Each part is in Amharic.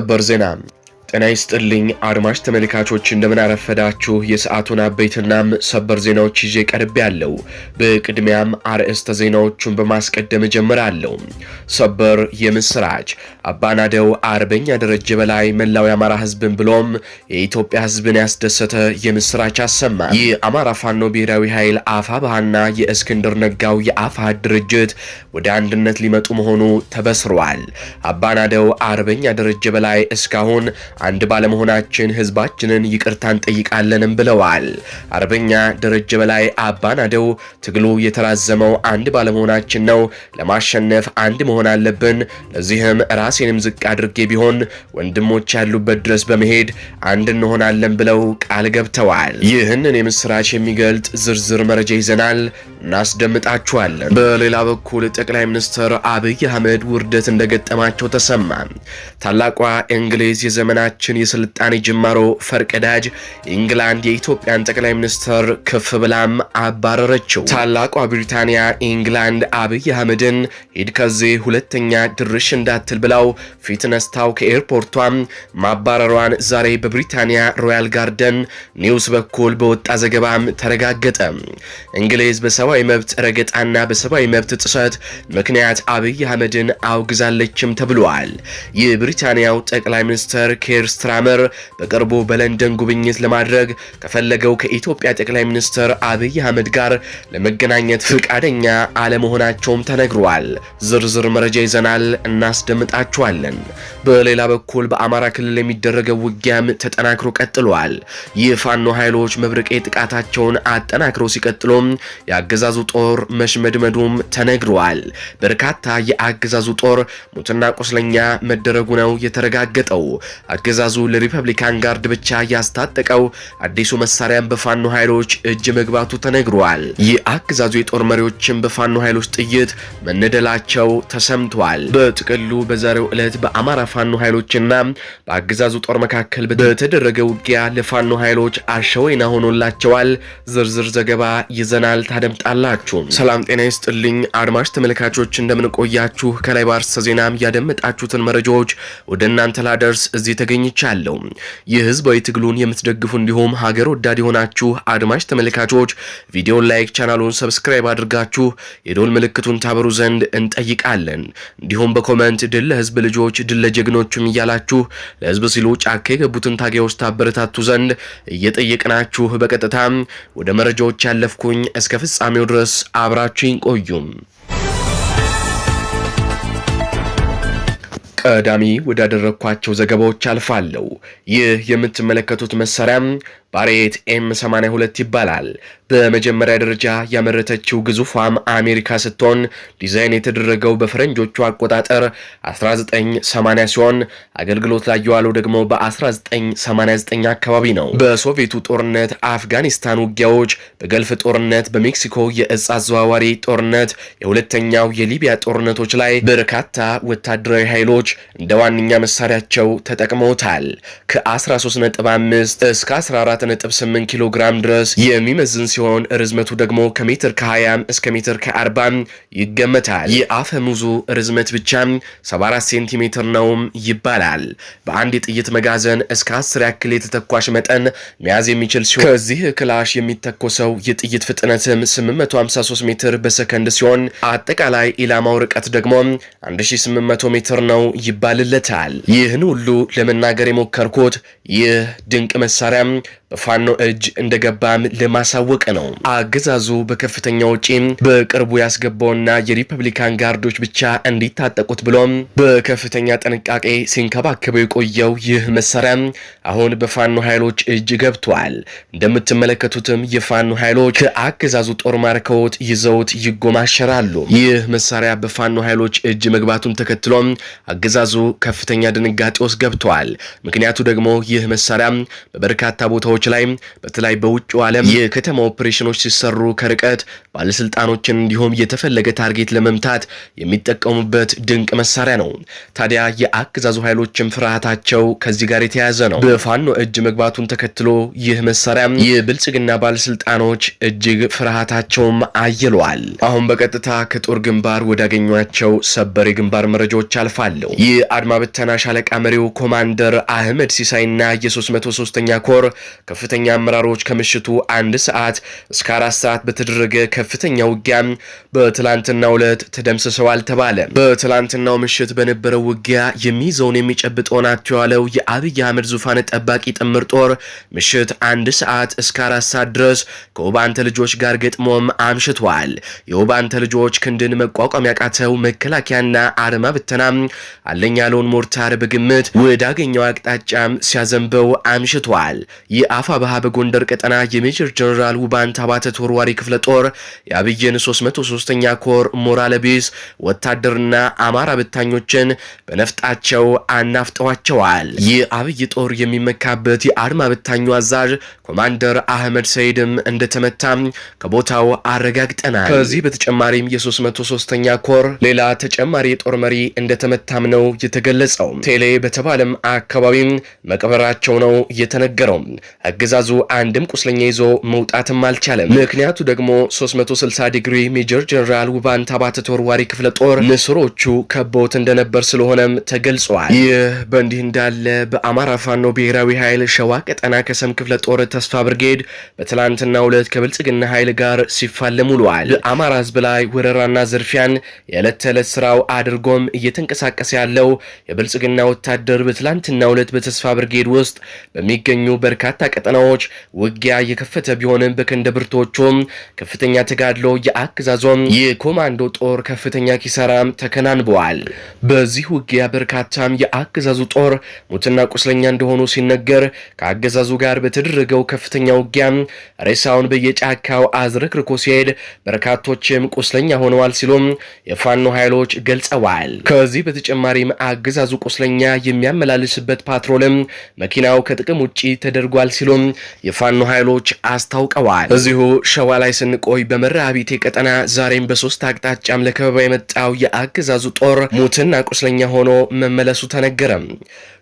Burzenam. ጤና ይስጥልኝ አድማጭ ተመልካቾች፣ እንደምን አረፈዳችሁ። የሰዓቱን አበይትናም ሰበር ዜናዎች ይዤ ቀርብ ያለው። በቅድሚያም አርዕስተ ዜናዎቹን በማስቀደም እጀምራለሁ። ሰበር የምስራች አባናደው አርበኛ ደረጀ በላይ መላው የአማራ ህዝብን ብሎም የኢትዮጵያ ህዝብን ያስደሰተ የምስራች አሰማ። የአማራ ፋኖ ብሔራዊ ኃይል አፋ ባህና የእስክንድር ነጋው የአፋ ድርጅት ወደ አንድነት ሊመጡ መሆኑ ተበስሯል። አባናደው አርበኛ ደረጀ በላይ እስካሁን አንድ ባለመሆናችን ህዝባችንን ይቅርታ እንጠይቃለንም ብለዋል። አርበኛ ደረጀ በላይ አባናደው ትግሉ የተራዘመው አንድ ባለመሆናችን ነው። ለማሸነፍ አንድ መሆን አለብን። ለዚህም ራሴንም ዝቅ አድርጌ ቢሆን ወንድሞች ያሉበት ድረስ በመሄድ አንድ እንሆናለን ብለው ቃል ገብተዋል። ይህንን የምስራች የሚገልጥ ዝርዝር መረጃ ይዘናል፣ እናስደምጣችኋለን። በሌላ በኩል ጠቅላይ ሚኒስትር አብይ አህመድ ውርደት እንደገጠማቸው ተሰማ። ታላቋ እንግሊዝ የዘመናት የሀገራችን የስልጣኔ ጅማሮ ፈርቀዳጅ ኢንግላንድ የኢትዮጵያን ጠቅላይ ሚኒስትር ክፍ ብላም አባረረችው። ታላቋ ብሪታንያ ኢንግላንድ አብይ አህመድን ሂድ ከዚህ ሁለተኛ ድርሽ እንዳትል ብለው ፊት ነስታው ከኤርፖርቷም ማባረሯን ዛሬ በብሪታንያ ሮያል ጋርደን ኒውስ በኩል በወጣ ዘገባም ተረጋገጠ። እንግሊዝ በሰብአዊ መብት ረገጣና በሰብአዊ መብት ጥሰት ምክንያት አብይ አህመድን አውግዛለችም ተብሏል። የብሪታንያው ጠቅላይ ሚኒስትር ኬር ኪር ስትራመር በቅርቡ በለንደን ጉብኝት ለማድረግ ከፈለገው ከኢትዮጵያ ጠቅላይ ሚኒስትር አብይ አህመድ ጋር ለመገናኘት ፍቃደኛ አለመሆናቸውም ተነግሯል። ዝርዝር መረጃ ይዘናል፣ እናስደምጣችኋለን። በሌላ በኩል በአማራ ክልል የሚደረገው ውጊያም ተጠናክሮ ቀጥሏል። የፋኖ ኃይሎች መብረቄ ጥቃታቸውን አጠናክረው ሲቀጥሉም የአገዛዙ ጦር መሽመድመዱም ተነግረዋል። በርካታ የአገዛዙ ጦር ሙትና ቁስለኛ መደረጉ ነው የተረጋገጠው። አገዛዙ ለሪፐብሊካን ጋርድ ብቻ ያስታጠቀው አዲሱ መሳሪያን በፋኖ ኃይሎች እጅ መግባቱ ተነግሯል። አገዛዙ የጦር መሪዎችም በፋኖ ኃይሎች ጥይት መነደላቸው ተሰምቷል። በጥቅሉ በዛሬው ዕለት በአማራ ፋኖ ኃይሎችና በአገዛዙ ጦር መካከል በተደረገ ውጊያ ለፋኖ ኃይሎች አሸወይና ሆኖላቸዋል። ዝርዝር ዘገባ ይዘናል፣ ታደምጣላችሁ። ሰላም ጤና ይስጥልኝ አድማጭ ተመልካቾች፣ እንደምንቆያችሁ ከላይ ባርሰ ዜና ያደመጣችሁትን መረጃዎች ወደ እናንተ ላደርስ እዚህ አገኝቻለሁ። ይህ ህዝባዊ ትግሉን የምትደግፉ እንዲሁም ሀገር ወዳድ የሆናችሁ አድማጭ ተመልካቾች ቪዲዮን ላይክ፣ ቻናሉን ሰብስክራይብ አድርጋችሁ የዶል ምልክቱን ታበሩ ዘንድ እንጠይቃለን። እንዲሁም በኮመንት ድል ለህዝብ ልጆች ድል ለጀግኖችም እያላችሁ ለህዝብ ሲሉ ጫካ የገቡትን ታጋዮች ታበረታቱ ዘንድ እየጠየቅናችሁ በቀጥታ ወደ መረጃዎች ያለፍኩኝ እስከ ፍጻሜው ድረስ አብራችሁ ቆዩም። ቀዳሚ ወዳደረግኳቸው ዘገባዎች አልፋለሁ። ይህ የምትመለከቱት መሳሪያም ባሬት ኤም 82 ይባላል። በመጀመሪያ ደረጃ ያመረተችው ግዙፏም አሜሪካ ስትሆን ዲዛይን የተደረገው በፈረንጆቹ አቆጣጠር 1980 ሲሆን አገልግሎት ላይ የዋለው ደግሞ በ1989 አካባቢ ነው። በሶቪየቱ ጦርነት፣ አፍጋኒስታን ውጊያዎች፣ በገልፍ ጦርነት፣ በሜክሲኮ የእጽ አዘዋዋሪ ጦርነት፣ የሁለተኛው የሊቢያ ጦርነቶች ላይ በርካታ ወታደራዊ ኃይሎች እንደ ዋነኛ መሳሪያቸው ተጠቅመውታል። ከ13.5 እስከ 14 7.8 ኪሎ ግራም ድረስ የሚመዝን ሲሆን ርዝመቱ ደግሞ ከሜትር ከ20 እስከ ሜትር ከ40 ይገመታል። የአፈሙዙ ርዝመት ብቻ 74 ሴንቲሜትር ነውም ይባላል። በአንድ የጥይት መጋዘን እስከ 10 ያክል የተተኳሽ መጠን መያዝ የሚችል ሲሆን ከዚህ ክላሽ የሚተኮሰው የጥይት ፍጥነትም 853 ሜትር በሰከንድ ሲሆን አጠቃላይ ኢላማው ርቀት ደግሞ 1800 ሜትር ነው ይባልለታል። ይህን ሁሉ ለመናገር የሞከርኩት ይህ ድንቅ መሳሪያ ፋኖ እጅ እንደገባም ለማሳወቅ ነው። አገዛዙ በከፍተኛ ውጪ በቅርቡ ያስገባውና የሪፐብሊካን ጋርዶች ብቻ እንዲታጠቁት ብሎም በከፍተኛ ጥንቃቄ ሲንከባከበው የቆየው ይህ መሳሪያ አሁን በፋኖ ኃይሎች እጅ ገብቷል። እንደምትመለከቱትም የፋኖ ኃይሎች ከአገዛዙ ጦር ማርከውት ይዘውት ይጎማሸራሉ። ይህ መሳሪያ በፋኖ ኃይሎች እጅ መግባቱን ተከትሎም አገዛዙ ከፍተኛ ድንጋጤ ውስጥ ገብቷል። ምክንያቱ ደግሞ ይህ መሳሪያ በበርካታ ቦታዎች ቦታዎች ላይ በተለይ በውጭ ዓለም የከተማ ኦፕሬሽኖች ሲሰሩ ከርቀት ባለስልጣኖችን እንዲሁም የተፈለገ ታርጌት ለመምታት የሚጠቀሙበት ድንቅ መሳሪያ ነው። ታዲያ የአገዛዙ ኃይሎችም ፍርሃታቸው ከዚህ ጋር የተያያዘ ነው። በፋኖ እጅ መግባቱን ተከትሎ ይህ መሳሪያ የብልጽግና ባለስልጣኖች እጅግ ፍርሃታቸውም አይሏል። አሁን በቀጥታ ከጦር ግንባር ወዳገኟቸው ሰበር የግንባር መረጃዎች አልፋለሁ። የአድማ ብተና ሻለቃ መሪው ኮማንደር አህመድ ሲሳይና የ303ኛ ኮር ከፍተኛ አመራሮች ከምሽቱ አንድ ሰዓት እስከ አራት ሰዓት በተደረገ ከፍተኛ ውጊያ በትላንትናው ዕለት ተደምስሰዋል ተባለ። በትላንትናው ምሽት በነበረው ውጊያ የሚይዘውን የሚጨብጠው ናቸው ያለው የአብይ አህመድ ዙፋን ጠባቂ ጥምር ጦር ምሽት አንድ ሰዓት እስከ አራት ሰዓት ድረስ ከውባንተ ልጆች ጋር ገጥሞም አምሽቷል። የውባንተ ልጆች ክንድን መቋቋም ያቃተው መከላከያና አርማ ብተናም አለኝ ያለውን ሞርታር በግምት ወዳገኘው አቅጣጫም ሲያዘንበው አምሽቷል። የአፋብሃ በጎንደር ቀጠና የሜጀር ጀነራል ውባንት አባተ ተወርዋሪ ክፍለ ጦር የአብይን 33 ኛ ኮር ሞራል ቢስ ወታደርና አማራ በታኞችን በነፍጣቸው አናፍጠዋቸዋል። ይህ አብይ ጦር የሚመካበት የአድማ በታኙ አዛዥ ኮማንደር አህመድ ሰይድም እንደተመታም ከቦታው አረጋግጠናል። ከዚህ በተጨማሪም የ 33 ኛ ኮር ሌላ ተጨማሪ የጦር መሪ እንደተመታም ነው የተገለጸው። ቴሌ በተባለም አካባቢም መቅበራቸው ነው የተነገረው። አገዛዙ አንድም ቁስለኛ ይዞ መውጣትም አልቻለም። ምክንያቱ ደግሞ 360 ዲግሪ ሜጀር ጀነራል ውባን ታባተ ተወርዋሪ ክፍለ ጦር ንስሮቹ ከበውት እንደነበር ስለሆነም ተገልጿል። ይህ በእንዲህ እንዳለ በአማራ ፋኖ ብሔራዊ ኃይል ሸዋ ቀጠና ከሰም ክፍለ ጦር ተስፋ ብርጌድ በትላንትና ሁለት ከብልጽግና ኃይል ጋር ሲፋለም ውሏል። በአማራ ህዝብ ላይ ወረራና ዝርፊያን የዕለት ተዕለት ስራው አድርጎም እየተንቀሳቀሰ ያለው የብልጽግና ወታደር በትላንትና ሁለት በተስፋ ብርጌድ ውስጥ በሚገኙ በርካታ ቀጠናዎች ውጊያ የከፈተ ቢሆንም በክንደ ብርቶቹም ከፍተኛ ተጋድሎ የአገዛዞም የኮማንዶ ጦር ከፍተኛ ኪሳራም ተከናንበዋል። በዚህ ውጊያ በርካታም የአገዛዙ ጦር ሙትና ቁስለኛ እንደሆኑ ሲነገር ከአገዛዙ ጋር በተደረገው ከፍተኛ ውጊያ ሬሳውን በየጫካው አዝረክርኮ ሲሄድ በርካቶችም ቁስለኛ ሆነዋል ሲሉም የፋኖ ኃይሎች ገልጸዋል። ከዚህ በተጨማሪም አገዛዙ ቁስለኛ የሚያመላልስበት ፓትሮልም መኪናው ከጥቅም ውጭ ተደርጓል ሲሉ ሲሉም የፋኖ ኃይሎች አስታውቀዋል። እዚሁ ሸዋ ላይ ስንቆይ በመራቢቴ ቀጠና ዛሬም በሶስት አቅጣጫም ለከበባ የመጣው የአገዛዙ ጦር ሙትና ቁስለኛ ሆኖ መመለሱ ተነገረም።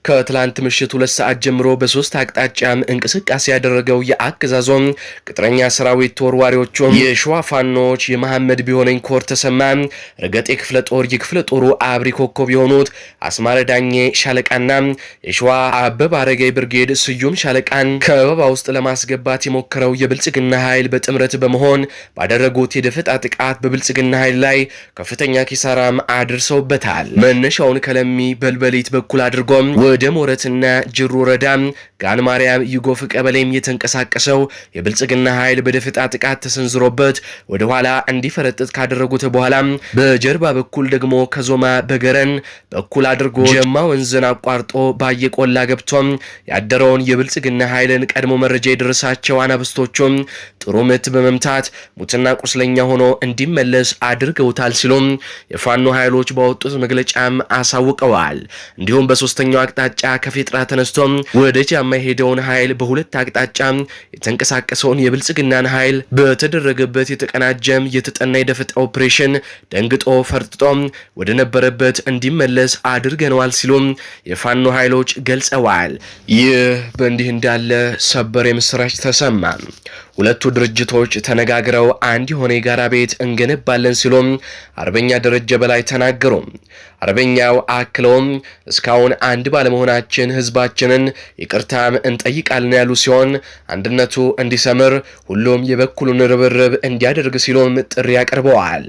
ከትላንት ምሽት ሁለት ሰዓት ጀምሮ በሶስት አቅጣጫም እንቅስቃሴ ያደረገው የአገዛዞም ቅጥረኛ ሰራዊት ተወርዋሪዎቹም የሸዋ ፋኖች የመሐመድ ቢሆነኝ ኮር ተሰማ ረገጤ ክፍለ ጦር የክፍለ ጦሩ አብሪ ኮከብ የሆኑት አስማረ ዳኜ ሻለቃና የሸዋ አበብ አረጋይ ብርጌድ ስዩም ሻለቃን ከበባ ውስጥ ለማስገባት የሞከረው የብልጽግና ኃይል በጥምረት በመሆን ባደረጉት የደፈጣ ጥቃት በብልጽግና ኃይል ላይ ከፍተኛ ኪሳራም አድርሰውበታል። መነሻውን ከለሚ በልበሊት በኩል አድርጎም ወደ ሞረትና ጅሩ ወረዳም ጋን ማርያም ይጎፍ ቀበሌም የተንቀሳቀሰው የብልጽግና ኃይል በደፈጣ ጥቃት ተሰንዝሮበት ወደ ኋላ እንዲፈረጥጥ ካደረጉት በኋላ በጀርባ በኩል ደግሞ ከዞማ በገረን በኩል አድርጎ ጀማ ወንዝን አቋርጦ ባየቆላ ገብቶም ያደረውን የብልጽግና ኃይልን ክልል ቀድሞ መረጃ የደረሳቸው አናብስቶቹም ጥሩ ምት በመምታት ሙትና ቁስለኛ ሆኖ እንዲመለስ አድርገውታል ሲሉም የፋኖ ኃይሎች ባወጡት መግለጫም አሳውቀዋል። እንዲሁም በሶስተኛው አቅጣጫ ከፌጥራ ተነስቶ ወደ ጃማ የሄደውን ኃይል በሁለት አቅጣጫ የተንቀሳቀሰውን የብልጽግናን ኃይል በተደረገበት የተቀናጀም የተጠና የደፈጠ ኦፕሬሽን ደንግጦ ፈርጥጦ ወደ ነበረበት እንዲመለስ አድርገነዋል ሲሉም የፋኖ ኃይሎች ገልጸዋል። ይህ በእንዲህ እንዳለ ሰበር የምስራች ተሰማ። ሁለቱ ድርጅቶች ተነጋግረው አንድ የሆነ የጋራ ቤት እንገነባለን ሲሉም አርበኛ ደረጀ በላይ ተናገሩ። አርበኛው አክለውም እስካሁን አንድ ባለመሆናችን ህዝባችንን ይቅርታም እንጠይቃለን ያሉ ሲሆን አንድነቱ እንዲሰምር ሁሉም የበኩሉን ርብርብ እንዲያደርግ ሲሉም ጥሪ አቅርበዋል።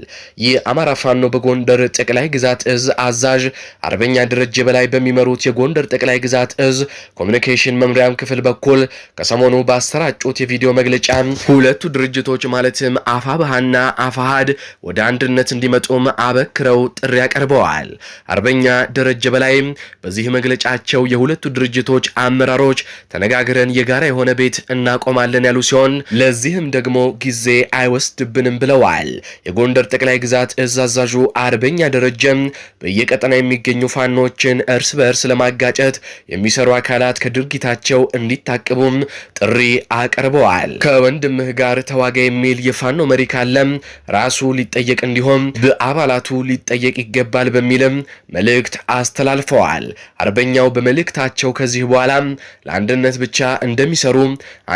የአማራ ፋኖ በጎንደር ጠቅላይ ግዛት እዝ አዛዥ አርበኛ ደረጀ በላይ በሚመሩት የጎንደር ጠቅላይ ግዛት እዝ ኮሚኒኬሽን መምሪያም ክፍል በኩል ከሰሞኑ ባሰራጩት የቪዲዮ መግለጫ በመጠየቂያም ሁለቱ ድርጅቶች ማለትም አፋብሃና አፋሃድ ወደ አንድነት እንዲመጡም አበክረው ጥሪ ያቀርበዋል። አርበኛ ደረጀ በላይም በዚህ መግለጫቸው የሁለቱ ድርጅቶች አመራሮች ተነጋግረን የጋራ የሆነ ቤት እናቆማለን ያሉ ሲሆን ለዚህም ደግሞ ጊዜ አይወስድብንም ብለዋል። የጎንደር ጠቅላይ ግዛት እዝ አዛዡ አርበኛ ደረጀም በየቀጠና የሚገኙ ፋኖችን እርስ በእርስ ለማጋጨት የሚሰሩ አካላት ከድርጊታቸው እንዲታቀቡም ጥሪ አቅርበዋል። ከወንድምህ ጋር ተዋጋ የሚል የፋኖ መሪ ካለም ራሱ ሊጠየቅ እንዲሆን በአባላቱ ሊጠየቅ ይገባል በሚልም መልእክት አስተላልፈዋል። አርበኛው በመልእክታቸው ከዚህ በኋላ ለአንድነት ብቻ እንደሚሰሩ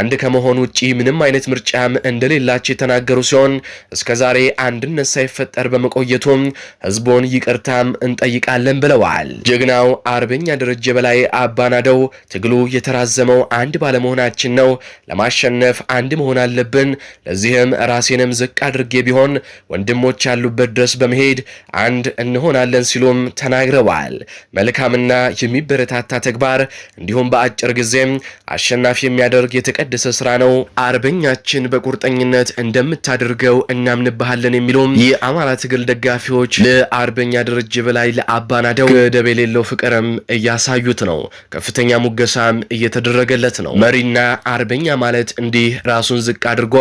አንድ ከመሆን ውጪ ምንም አይነት ምርጫም እንደሌላቸው የተናገሩ ሲሆን እስከዛሬ አንድነት ሳይፈጠር በመቆየቱም ህዝቡን ይቅርታም እንጠይቃለን ብለዋል። ጀግናው አርበኛ ደረጀ በላይ አባናደው ትግሉ የተራዘመው አንድ ባለመሆናችን ነው ለማሸነፍ አንድ መሆን አለብን። ለዚህም ራሴንም ዝቅ አድርጌ ቢሆን ወንድሞች ያሉበት ድረስ በመሄድ አንድ እንሆናለን ሲሉም ተናግረዋል። መልካምና የሚበረታታ ተግባር እንዲሁም በአጭር ጊዜም አሸናፊ የሚያደርግ የተቀደሰ ስራ ነው። አርበኛችን በቁርጠኝነት እንደምታደርገው እናምንብሃለን የሚሉም የአማራ ትግል ደጋፊዎች ለአርበኛ ደረጀ በላይ ለአባናደው ገደብ የሌለው ፍቅርም እያሳዩት ነው። ከፍተኛ ሙገሳም እየተደረገለት ነው። መሪና አርበኛ ማለት እንዲህ ራሱ ራሱን ዝቅ አድርጎ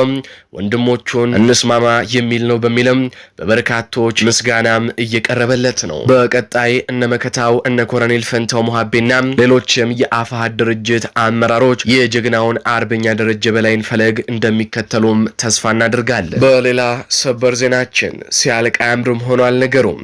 ወንድሞቹን እንስማማ የሚል ነው በሚልም በበርካቶች ምስጋናም እየቀረበለት ነው። በቀጣይ እነ መከታው እነ ኮሎኔል ፈንታው መሀቤና ሌሎችም የአፋሃድ ድርጅት አመራሮች የጀግናውን አርበኛ ደረጀ በላይን ፈለግ እንደሚከተሉም ተስፋ እናደርጋለን። በሌላ ሰበር ዜናችን ሲያልቅ አያምርም ሆኖ አልነገሩም።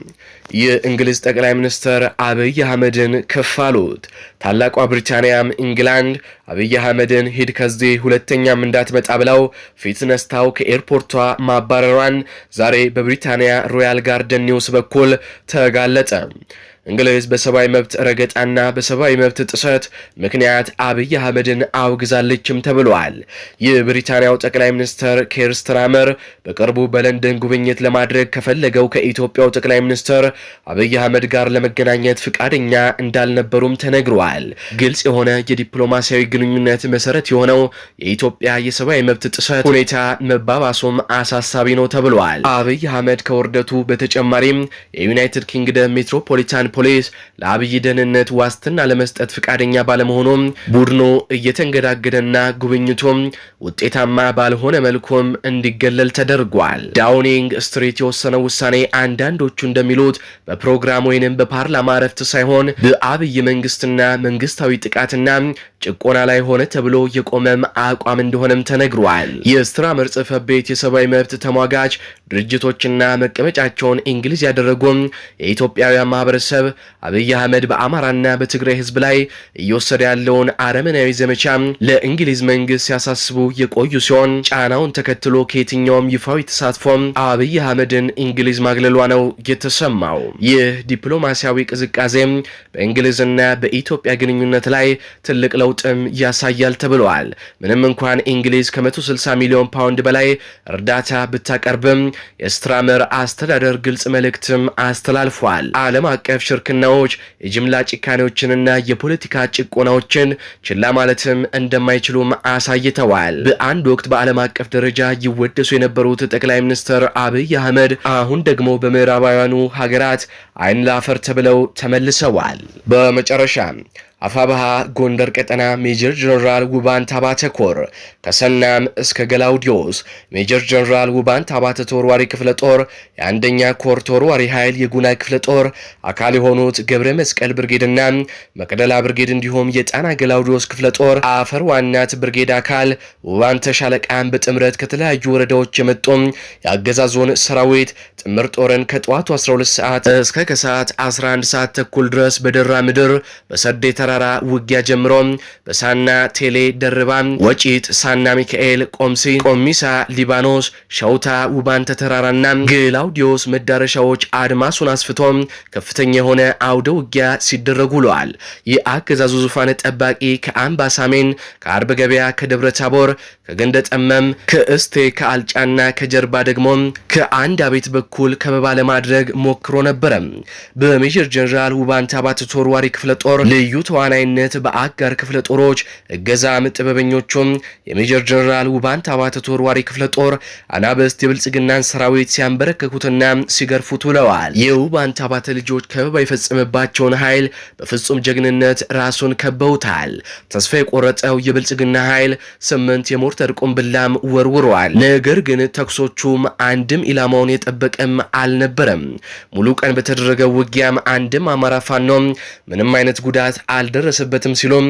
የእንግሊዝ ጠቅላይ ሚኒስትር አብይ አህመድን ከፍ አሉት። ታላቋ ብሪታንያም ኢንግላንድ አብይ አህመድን ሂድ ከዚህ ሁለተኛም እንዳትመጣ ብለው ፊት ነስታው ከኤርፖርቷ ማባረሯን ዛሬ በብሪታንያ ሮያል ጋርደን ኒውስ በኩል ተጋለጠ። እንግሊዝ በሰብአዊ መብት ረገጣና በሰብአዊ መብት ጥሰት ምክንያት አብይ አህመድን አውግዛለችም ተብሏል። የብሪታንያው ጠቅላይ ሚኒስትር ኬር ስትራመር በቅርቡ በለንደን ጉብኝት ለማድረግ ከፈለገው ከኢትዮጵያው ጠቅላይ ሚኒስትር አብይ አህመድ ጋር ለመገናኘት ፍቃደኛ እንዳልነበሩም ተነግሯል። ግልጽ የሆነ የዲፕሎማሲያዊ ግንኙነት መሰረት የሆነው የኢትዮጵያ የሰብአዊ መብት ጥሰት ሁኔታ መባባሱም አሳሳቢ ነው ተብሏል። አብይ አህመድ ከውርደቱ በተጨማሪም የዩናይትድ ኪንግደም ሜትሮፖሊታን ፖሊስ ለአብይ ደህንነት ዋስትና ለመስጠት ፈቃደኛ ባለመሆኑም ቡድኑ እየተንገዳገደና ጉብኝቱም ውጤታማ ባልሆነ መልኩም እንዲገለል ተደርጓል። ዳውኒንግ ስትሪት የወሰነው ውሳኔ አንዳንዶቹ እንደሚሉት በፕሮግራም ወይንም በፓርላማ እረፍት ሳይሆን በአብይ መንግስትና መንግስታዊ ጥቃትና ጭቆና ላይ ሆነ ተብሎ የቆመም አቋም እንደሆነም ተነግሯል። የስትራመር ጽህፈት ቤት የሰብአዊ መብት ተሟጋች ድርጅቶችና መቀመጫቸውን እንግሊዝ ያደረጉም የኢትዮጵያውያን ማህበረሰብ በማቅረብ አብይ አህመድ በአማራና በትግራይ ህዝብ ላይ እየወሰደ ያለውን አረመናዊ ዘመቻ ለእንግሊዝ መንግስት ሲያሳስቡ የቆዩ ሲሆን ጫናውን ተከትሎ ከየትኛውም ይፋዊ ተሳትፎም አብይ አህመድን እንግሊዝ ማግለሏ ነው የተሰማው። ይህ ዲፕሎማሲያዊ ቅዝቃዜም በእንግሊዝና በኢትዮጵያ ግንኙነት ላይ ትልቅ ለውጥም ያሳያል ተብለዋል። ምንም እንኳን እንግሊዝ ከ160 ሚሊዮን ፓውንድ በላይ እርዳታ ብታቀርብም የስትራመር አስተዳደር ግልጽ መልእክትም አስተላልፏል። ዓለም አቀፍ ሽርክናዎች፣ የጅምላ ጭካኔዎችንና የፖለቲካ ጭቆናዎችን ችላ ማለትም እንደማይችሉም አሳይተዋል። በአንድ ወቅት በዓለም አቀፍ ደረጃ ይወደሱ የነበሩት ጠቅላይ ሚኒስትር አብይ አህመድ አሁን ደግሞ በምዕራባውያኑ ሀገራት አይን ላፈር ተብለው ተመልሰዋል። በመጨረሻ አፋብሃ ጎንደር ቀጠና ሜጀር ጀነራል ውባን ታባተ ኮር ከሰናም እስከ ገላውዲዮስ ሜጀር ጀነራል ውባን ታባተ ተወርዋሪ ክፍለ ጦር የአንደኛ ኮር ተወርዋሪ ኃይል የጉና ክፍለ ጦር አካል የሆኑት ገብረ መስቀል ብርጌድና መቅደላ ብርጌድ እንዲሁም የጣና ገላውዲዮስ ክፍለ ጦር አፈር ዋናት ብርጌድ አካል ውባን ተሻለቃን በጥምረት ከተለያዩ ወረዳዎች የመጡም የአገዛዞን ሰራዊት ጥምር ጦርን ከጠዋቱ 12 ሰዓት እስከ ከሰዓት 11 ሰዓት ተኩል ድረስ በደራ ምድር በሰዴ ተራ ተራራ ውጊያ ጀምሮ በሳና ቴሌ ደርባ፣ ወጪት፣ ሳና ሚካኤል፣ ቆምሲ፣ ቆሚሳ፣ ሊባኖስ፣ ሸውታ፣ ውባንተ ተራራና ግላውዲዮስ መዳረሻዎች አድማሱን አስፍቶ ከፍተኛ የሆነ አውደ ውጊያ ሲደረጉ ውለዋል። የአገዛዙ ዙፋን ጠባቂ ከአምባሳሜን ከአርብ ገበያ ከደብረ ታቦር ከገንደ ጠመም ከእስቴ ከአልጫና ከጀርባ ደግሞ ከአንድ አቤት በኩል ከበባ ለማድረግ ሞክሮ ነበረ። በሜጀር ጀነራል ውባንታ ባተ ተወርዋሪ ክፍለ ጦር ልዩ ተዋናይነት በአጋር ክፍለ ጦሮች እገዛም ጥበበኞቹም የሜጀር ጀነራል ውባንታ ባተ ተወርዋሪ ክፍለ ጦር አናበስት የብልጽግናን ሰራዊት ሲያንበረከኩትና ሲገርፉት ውለዋል። የውባንታ ባተ ልጆች ከበባ የፈጸመባቸውን ኃይል በፍጹም ጀግንነት ራሱን ከበውታል። ተስፋ የቆረጠው የብልጽግና ኃይል ስምንት የሞ የሞርተር ቁምብላም ወርውረዋል። ነገር ግን ተኩሶቹም አንድም ኢላማውን የጠበቀም አልነበረም። ሙሉ ቀን በተደረገው ውጊያም አንድም አማራ ፋኖ ምንም አይነት ጉዳት አልደረሰበትም ሲሉም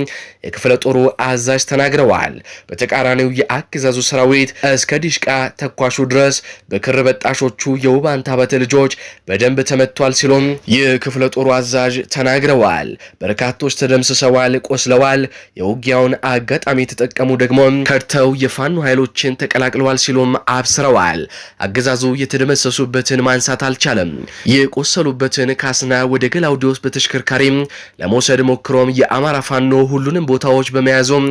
የክፍለ ጦሩ አዛዥ ተናግረዋል። በተቃራኒው የአገዛዙ ሰራዊት እስከ ዲሽቃ ተኳሹ ድረስ በክር በጣሾቹ የውባንታ በተ ልጆች በደንብ ተመቷል ሲሉም የክፍለ ጦሩ አዛዥ ተናግረዋል። በርካቶች ተደምስሰዋል፣ ቆስለዋል። የውጊያውን አጋጣሚ የተጠቀሙ ደግሞ ከድተው የፋኖ ኃይሎችን ተቀላቅለዋል ሲሉም አብስረዋል። አገዛዙ የተደመሰሱበትን ማንሳት አልቻለም። የቆሰሉበትን ካስና ወደ ገላውዲዮስ በተሽከርካሪም ለመውሰድ ሞክሮም የአማራ ፋኖ ሁሉንም ቦታዎች በመያዙም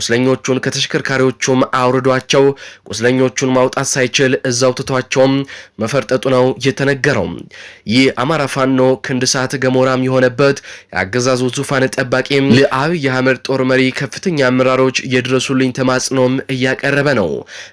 ቁስለኞቹን ከተሽከርካሪዎቹም አውርዷቸው ቁስለኞቹን ማውጣት ሳይችል እዛው ትቷቸውም መፈርጠጡ ነው የተነገረው። ይህ አማራ ፋኖ ክንድ ሰዓት ገሞራም የሆነበት የአገዛዙ ዙፋን ጠባቂም ለአብይ አህመድ ጦር መሪ ከፍተኛ አመራሮች የድረሱልኝ ተማጽኖም እያቀረበ ነው።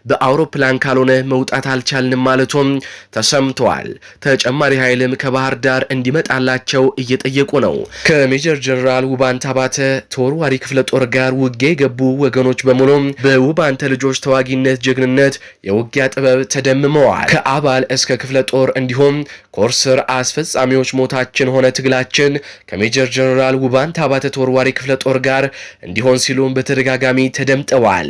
በአውሮፕላን ካልሆነ መውጣት አልቻልንም ማለቱም ተሰምተዋል። ተጨማሪ ኃይልም ከባህር ዳር እንዲመጣላቸው እየጠየቁ ነው። ከሜጀር ጀነራል ውባንተ አባተ ተወርዋሪ ክፍለ ጦር ጋር ውጊያ የገቡ ወገኖች በሙሉ በውባንተ ልጆች ተዋጊነት፣ ጀግንነት፣ የውጊያ ጥበብ ተደምመዋል። ከአባል እስከ ክፍለ ጦር እንዲሁም ኮርስር አስፈጻሚዎች ሞታችን ሆነ ትግላችን ከሜጀር ጀነራል ውባንተ አባተ ተወርዋሪ ክፍለ ጦር ጋር እንዲሆን ሲሉም በተደጋጋሚ ተደምጠዋል።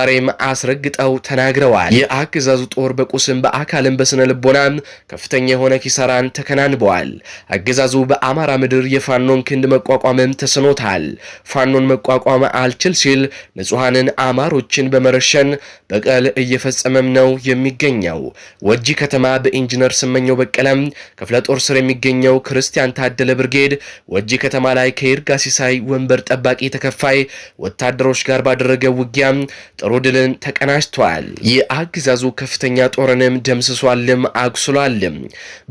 ዛሬም አስረግጠው ተናግረዋል። የአገዛዙ ጦር በቁስም በአካልም በስነ ልቦናም ከፍተኛ የሆነ ኪሳራን ተከናንበዋል። አገዛዙ በአማራ ምድር የፋኖን ክንድ መቋቋምም ተስኖታል። ፋኖን መቋቋም አልችል ሲል ንጹሐንን አማሮችን በመረሸን በቀል እየፈጸመም ነው የሚገኘው። ወጂ ከተማ በኢንጂነር ስመኘው በቀለም ክፍለ ጦር ስር የሚገኘው ክርስቲያን ታደለ ብርጌድ ወጂ ከተማ ላይ ከይርጋ ሲሳይ ወንበር ጠባቂ ተከፋይ ወታደሮች ጋር ባደረገው ውጊያም ጥሩ ጥሩ ድልን ተቀናጅተዋል። የአገዛዙ ከፍተኛ ጦርንም ደምስሷልም አቁስሏልም።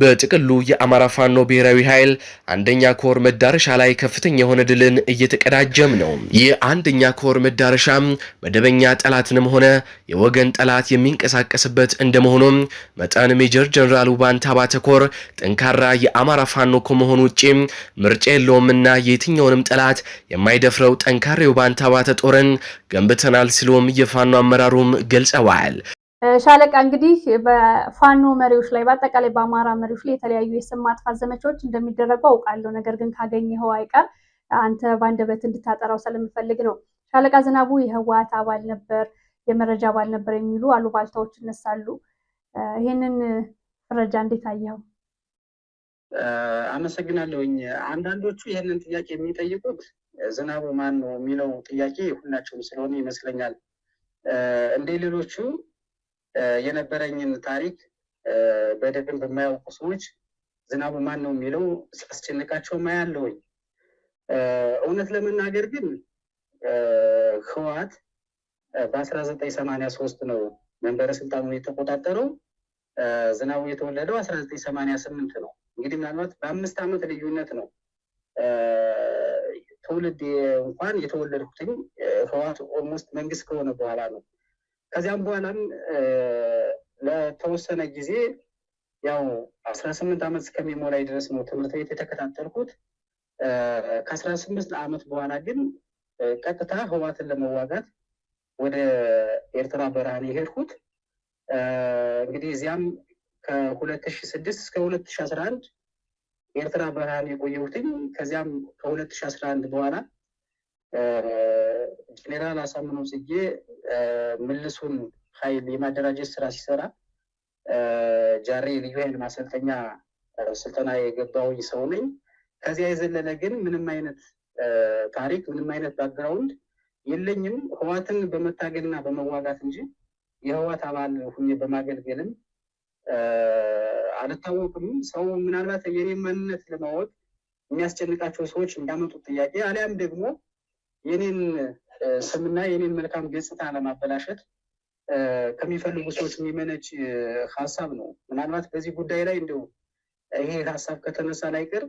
በጥቅሉ የአማራ ፋኖ ብሔራዊ ኃይል አንደኛ ኮር መዳረሻ ላይ ከፍተኛ የሆነ ድልን እየተቀዳጀም ነው። የአንደኛ ኮር መዳረሻም መደበኛ ጠላትንም ሆነ የወገን ጠላት የሚንቀሳቀስበት እንደመሆኑም መጠን ሜጀር ጀኔራል ውባንታ ባተ ኮር ጠንካራ የአማራ ፋኖ ከመሆኑ ውጪ ምርጫ የለውምና የትኛውንም ጠላት የማይደፍረው ጠንካራ የውባንታ ባተ ጦርን ገንብተናል ሲሎም የፋኖ አመራሩም ገልጸዋል። ሻለቃ እንግዲህ በፋኖ መሪዎች ላይ በአጠቃላይ በአማራ መሪዎች ላይ የተለያዩ የስም ማጥፋት ዘመቻዎች እንደሚደረጉ አውቃለሁ። ነገር ግን ካገኘኸው አይቀር አንተ በአንደበት እንድታጠራው ስለምፈልግ ነው። ሻለቃ ዝናቡ የህወሓት አባል ነበር፣ የመረጃ አባል ነበር የሚሉ አሉባልታዎች ይነሳሉ። ይህንን ፍረጃ እንዴት አየኸው? አመሰግናለሁኝ። አንዳንዶቹ ይህንን ጥያቄ የሚጠይቁት ዝናቡ ማን ነው የሚለው ጥያቄ ሁላቸውም ስለሆነ ይመስለኛል እንደ ሌሎቹ የነበረኝን ታሪክ በደንብ የማያውቁ ሰዎች ዝናቡ ማን ነው የሚለው ሲያስጨንቃቸው ማያለውኝ። እውነት ለመናገር ግን ህወሓት በአስራ ዘጠኝ ሰማንያ ሶስት ነው መንበረ ስልጣኑ የተቆጣጠረው። ዝናቡ የተወለደው አስራ ዘጠኝ ሰማንያ ስምንት ነው። እንግዲህ ምናልባት በአምስት ዓመት ልዩነት ነው ትውልድ እንኳን የተወለድኩትኝ ህዋት ኦልሞስት መንግስት ከሆነ በኋላ ነው። ከዚያም በኋላም ለተወሰነ ጊዜ ያው አስራ ስምንት ዓመት እስከሚሞላይ ድረስ ነው ትምህርት ቤት የተከታተልኩት። ከአስራ ስምንት ዓመት በኋላ ግን ቀጥታ ህዋትን ለመዋጋት ወደ ኤርትራ በረሃን የሄድኩት እንግዲህ እዚያም ከሁለት ሺ ስድስት እስከ ሁለት ሺ አስራ አንድ ኤርትራ ብርሃን የቆየሁትኝ ከዚያም ከሁለት ሺ አስራ አንድ በኋላ ጄኔራል አሳምነው ጽጌ ምልሱን ኃይል የማደራጀት ስራ ሲሰራ ጃሬ ልዩ ኃይል ማሰልጠኛ ስልጠና የገባውኝ ሰው ነኝ። ከዚያ የዘለለ ግን ምንም አይነት ታሪክ ምንም አይነት ባክግራውንድ የለኝም። ህዋትን በመታገልና በመዋጋት እንጂ የህዋት አባል ሁኜ በማገልገልም አልታወቅም። ሰው ምናልባት የኔ ማንነት ለማወቅ የሚያስጨንቃቸው ሰዎች እንዳመጡት ጥያቄ አሊያም ደግሞ የኔን ስምና የኔን መልካም ገጽታ ለማበላሸት ከሚፈልጉ ሰዎች የሚመነጭ ሀሳብ ነው። ምናልባት በዚህ ጉዳይ ላይ እንደው ይሄ ሀሳብ ከተነሳ ላይቀር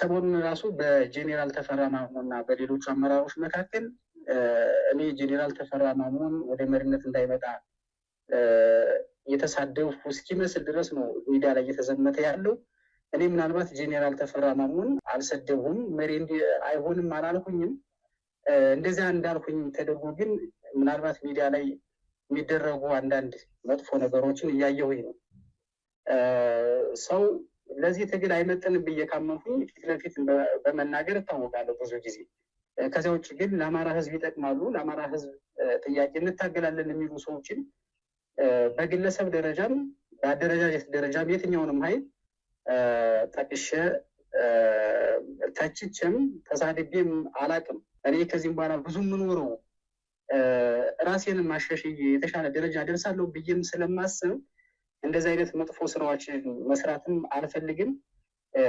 ሰሞኑን ራሱ በጄኔራል ተፈራ ማሞና በሌሎቹ አመራሮች መካከል እኔ ጄኔራል ተፈራ ማሞን ወደ መሪነት እንዳይመጣ እየተሳደብኩ እስኪመስል ድረስ ነው ሜዳ ላይ እየተዘመተ ያለው። እኔ ምናልባት ጄኔራል ተፈራ ማሞን አልሰደቡም መሪ አይሆንም አላልኩኝም። እንደዚያ እንዳልኩኝ ተደርጎ ግን ምናልባት ሚዲያ ላይ የሚደረጉ አንዳንድ መጥፎ ነገሮችን እያየሁኝ ነው። ሰው ለዚህ ትግል አይመጥንም ብዬ ካመንኩኝ ፊት ለፊት በመናገር እታወቃለሁ ብዙ ጊዜ። ከዚያ ውጭ ግን ለአማራ ሕዝብ ይጠቅማሉ፣ ለአማራ ሕዝብ ጥያቄ እንታገላለን የሚሉ ሰዎችን በግለሰብ ደረጃም በአደረጃጀት ደረጃም የትኛውንም ኃይል ጠቅሼ ተችቼም ተሳድቤም አላቅም። እኔ ከዚህም በኋላ ብዙ የምኖረው ራሴንም ማሻሽዬ የተሻለ ደረጃ ደርሳለሁ ብዬም ስለማስብ እንደዚህ አይነት መጥፎ ስራዎችን መስራትም አልፈልግም።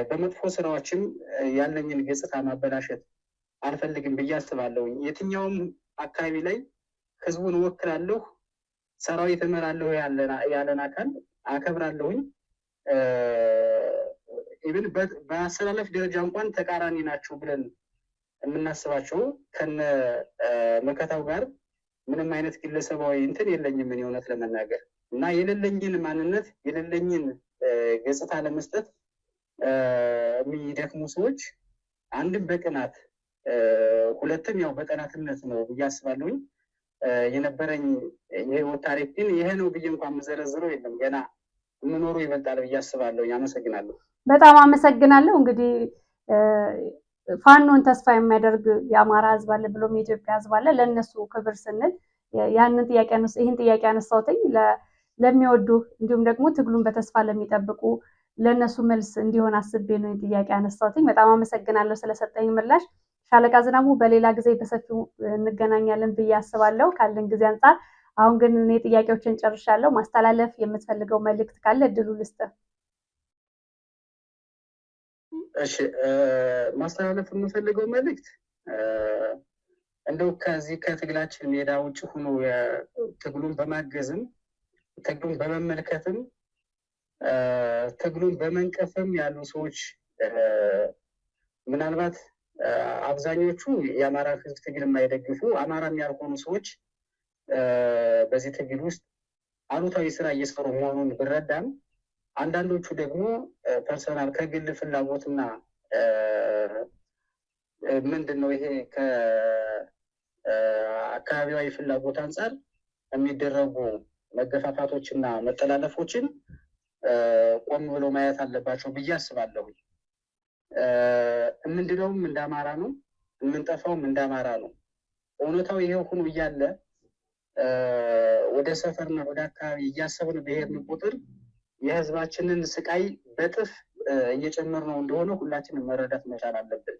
በመጥፎ ስራዎችም ያለኝን ገጽታ ማበላሸት አልፈልግም ብዬ አስባለሁ። የትኛውም አካባቢ ላይ ህዝቡን እወክላለሁ ሰራዊት እመራለሁ ያለን አካል አከብራለሁኝ። ኢብን በአሰላለፍ ደረጃ እንኳን ተቃራኒ ናቸው ብለን የምናስባቸው ከነ መከታው ጋር ምንም አይነት ግለሰባዊ እንትን የለኝም ምን እውነት ለመናገር እና የሌለኝን ማንነት የሌለኝን ገጽታ ለመስጠት የሚደክሙ ሰዎች አንድም በቅናት ሁለትም ያው በጠናትነት ነው ብዬ አስባለሁኝ። የነበረኝ የህይወት ታሪክ ግን ይሄ ነው ብዬ እንኳን የምዘረዝረው የለም። ገና የምኖሩ ይበልጣል ብዬ አስባለሁ። አመሰግናለሁ። በጣም አመሰግናለሁ። እንግዲህ ፋኖን ተስፋ የሚያደርግ የአማራ ህዝብ አለ ብሎም የኢትዮጵያ ህዝብ አለ። ለእነሱ ክብር ስንል ያንን ጥያቄ ይህን ጥያቄ አነሳውትኝ ለሚወዱ እንዲሁም ደግሞ ትግሉን በተስፋ ለሚጠብቁ ለእነሱ መልስ እንዲሆን አስቤ ነው ጥያቄ አነሳውትኝ። በጣም አመሰግናለሁ ስለሰጠኝ ምላሽ። ሻለቃ ዝናቡ በሌላ ጊዜ በሰፊው እንገናኛለን ብዬ አስባለሁ። ካለን ጊዜ አንጻር አሁን ግን እኔ ጥያቄዎችን ጨርሻለሁ። ማስተላለፍ የምትፈልገው መልእክት ካለ እድሉ ልስጥ። እሺ፣ ማስተላለፍ የምፈልገው መልእክት እንደው ከዚህ ከትግላችን ሜዳ ውጭ ሆኖ ትግሉን በማገዝም ትግሉን በመመልከትም ትግሉን በመንቀፍም ያሉ ሰዎች ምናልባት አብዛኞቹ የአማራ ህዝብ ትግል የማይደግፉ አማራም ያልሆኑ ሰዎች በዚህ ትግል ውስጥ አሉታዊ ስራ እየሰሩ መሆኑን ብረዳም አንዳንዶቹ ደግሞ ፐርሰናል ከግል ፍላጎትና ምንድን ነው ይሄ ከአካባቢዊ ፍላጎት አንጻር የሚደረጉ መገፋፋቶችና መጠላለፎችን ቆም ብሎ ማየት አለባቸው ብዬ አስባለሁ። የምንድነውም እንደ አማራ ነው፣ የምንጠፋውም እንደ አማራ ነው። እውነታው ይሄ ሁኑ እያለ ወደ ሰፈርና ወደ አካባቢ እያሰብን ብሄርን ቁጥር የህዝባችንን ስቃይ በጥፍ እየጨመር ነው እንደሆነ ሁላችንም መረዳት መቻል አለብን።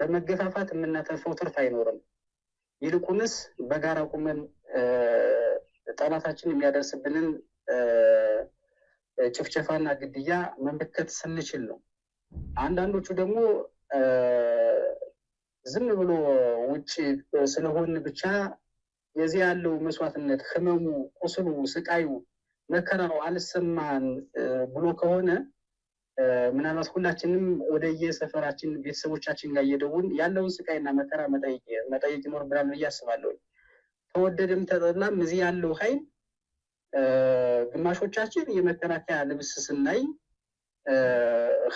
በመገፋፋት የምናተርፈው ትርፍ አይኖርም። ይልቁንስ በጋራ ቁመን ጠላታችን የሚያደርስብንን ጭፍጨፋና ግድያ መመከት ስንችል ነው። አንዳንዶቹ ደግሞ ዝም ብሎ ውጭ ስለሆን ብቻ የዚህ ያለው መስዋዕትነት ህመሙ፣ ቁስሉ፣ ስቃዩ፣ መከራው አልሰማን ብሎ ከሆነ ምናልባት ሁላችንም ወደ የሰፈራችን ቤተሰቦቻችን ጋር እየደውን ያለውን ስቃይና መከራ መጠየቅ ይኖርብናል ብዬ አስባለሁ። ተወደደም ተጠላም እዚህ ያለው ኃይል ግማሾቻችን የመከላከያ ልብስ ስናይ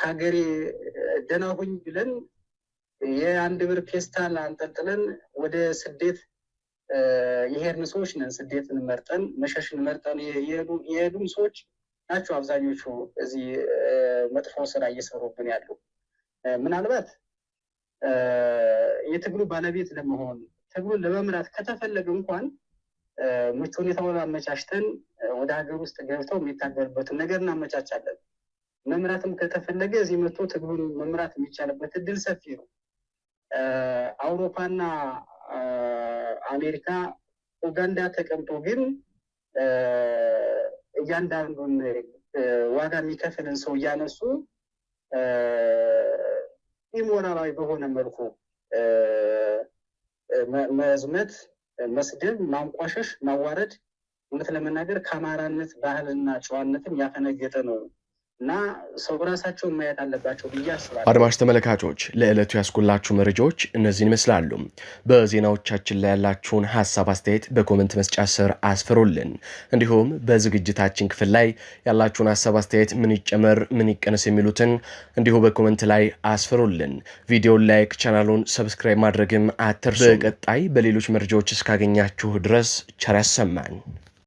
ሀገሬ ደህና ሁኝ ብለን የአንድ ብር ፌስታል አንጠልጥለን ወደ ስደት የሄድን ሰዎች ነን። ስደትን መርጠን መሸሽን መርጠን የሄዱም ሰዎች ናቸው አብዛኞቹ እዚህ መጥፎ ስራ እየሰሩብን ያሉ። ምናልባት የትግሉ ባለቤት ለመሆን ትግሉን ለመምራት ከተፈለገ እንኳን ምቹ ሁኔታውን አመቻችተን ወደ ሀገር ውስጥ ገብተው የሚታገልበትን ነገር እናመቻቻለን። መምራትም ከተፈለገ እዚህ መጥቶ ትግሉን መምራት የሚቻልበት እድል ሰፊ ነው። አውሮፓና አሜሪካ ኡጋንዳ ተቀምጦ ግን እያንዳንዱን ዋጋ የሚከፍልን ሰው እያነሱ ኢሞራላዊ በሆነ መልኩ መዝመት፣ መስደብ፣ ማንቋሸሽ፣ ማዋረድ እውነት ለመናገር ከአማራነት ባህልና ጨዋነትም ያፈነገጠ ነው። እና ሰው ራሳቸውን ማየት አለባቸው ብዬ አስባለሁ። አድማሽ ተመልካቾች ለዕለቱ ያስኩላችሁ መረጃዎች እነዚህን ይመስላሉ። በዜናዎቻችን ላይ ያላችሁን ሀሳብ አስተያየት በኮመንት መስጫ ስር አስፍሩልን እንዲሁም በዝግጅታችን ክፍል ላይ ያላችሁን ሀሳብ አስተያየት፣ ምን ይጨመር፣ ምን ይቀነስ የሚሉትን እንዲሁ በኮመንት ላይ አስፍሩልን ቪዲዮን ላይክ፣ ቻናሉን ሰብስክራይብ ማድረግም አትርሱ። በቀጣይ በሌሎች መረጃዎች እስካገኛችሁ ድረስ ቸር ያሰማን።